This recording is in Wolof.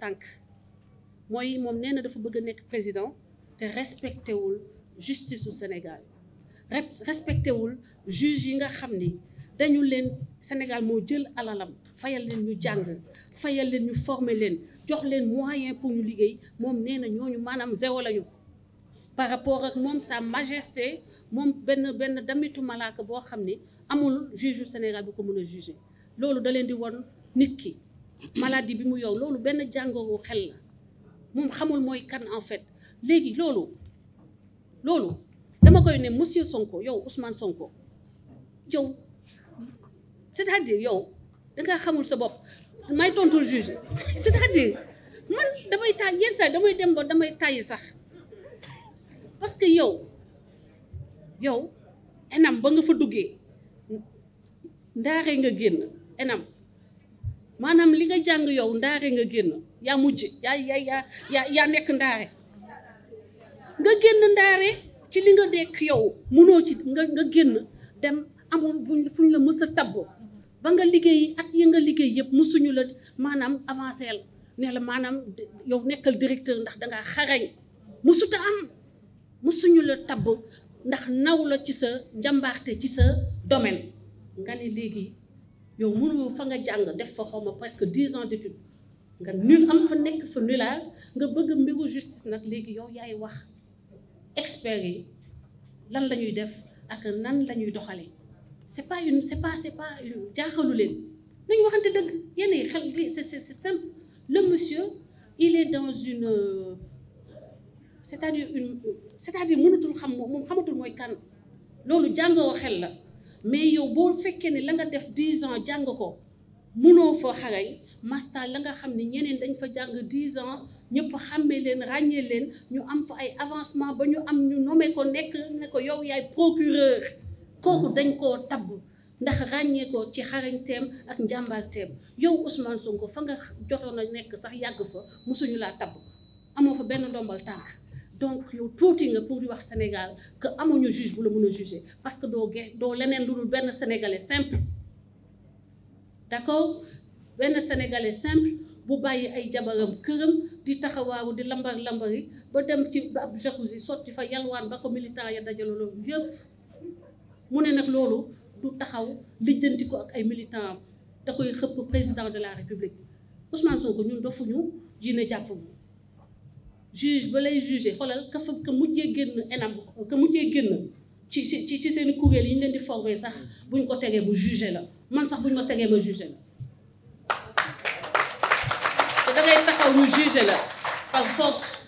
sànq mooy moom nee na dafa bëgg a nekk président te respecté wul justice su Sénégal respecté wul juge yi nga xam ni dañu leen Sénégal moo jël alalam fayal leen ñu jàng fayal leen ñu former leen jox leen moyen pour ñu liggéey moom nee na ñooñu maanaam zéro lañu par rapport ak moom sa majesté moom benn benn damitu malaaka boo xam ni amul juge yu Sénégal bu ko mën a juger loolu da di won nit ki maladie bi mu yow loolu benn jàngoowu xel la moom xamul mooy kan en fait léegi loolu loolu dama koy ne monsieur Sonko yow Ousmane Sonko yow c'est-à-dire yow dangaa xamul sa bopp may tontul juge cest à man damay taay yenn saa damay dem ba damay tàyyi sax parce que yow yow enam ba nga fa duggee ndaaree nga génn enam maanaam li nga jàng yow ndaare nga génn yaa mujj yaa yaa yaa yaa yaa nekk ndaare nga génn ndaare ci li nga dekk yow mënoo ci nga nga génn dem amul buñ fuñ la mës a tabb ba nga liggéey at ya nga liggéey yëpp mësuñu la maanaam avancé la la maanaam yow nekkal directeur ndax dangaa xarañ mësuta am mësuñu la tabb ndax naw la ci sa njàmbaarte ci sa domaine nga ne léegi yow mënoo fa nga jàng def fa xaw ma presque dix ans d'étude nga nul am fa nekk fa nulaal nga bëgg mbiru justice nag léegi yow yaay wax experts yi lan la ñuy def ak nan la ñuy doxalee c'est pas une c'est pas c'est pas une jaaxalu leen nañu yi xel c'est le monsieur il est dans une c'est-à-dire une c'est-à-dire mënatul xam moom xamatul mooy kan loolu jàngoo xel la mais yow boo fekkee ni la nga def dix ans jàng ko munoo fa xarañ master la nga xam ne ñeneen dañ fa jàng dix ans ñëpp xàmmee leen ràññee leen ñu am fa ay avancement ba ñu am ñu nommé ko nekk ne ko yow yaay procureur kooku dañ koo tabb ndax ràññee ko ci xarañteem ak njàmbaarteem yow Ousmane Sonko fa nga jotoon a nekk sax yàgg fa mosuñu laa tabb amoo fa benn ndombal tànk donc yow tuuti nga pour di wax Sénégal que amuñu juge bu la mën a juger parce que doo ge doo leneen lu dul benn sénégalais simple d'accord benn sénégalais simple bu bàyyi ay jabaram këram di taxawaaru di lambar lambari ba dem ci ab jacuzzi sotti fa yalwaan ba ko militant ya dajale loolu yëpp mu ne nag loolu du taxaw lijjanti ko ak ay militant am da koy xëpp président de la république Ousmane Sonko ñun dofuñu diine jàpp juge ba lay juger xoolal ka fa ka mujjee génn enam ka mujjee génn ci ci ci seen kuréel yi ñu leen di former sax buñ ko tegee bu juger la man sax buñ ma tegee ma juger la te da ngay taxaw ñu juger la par force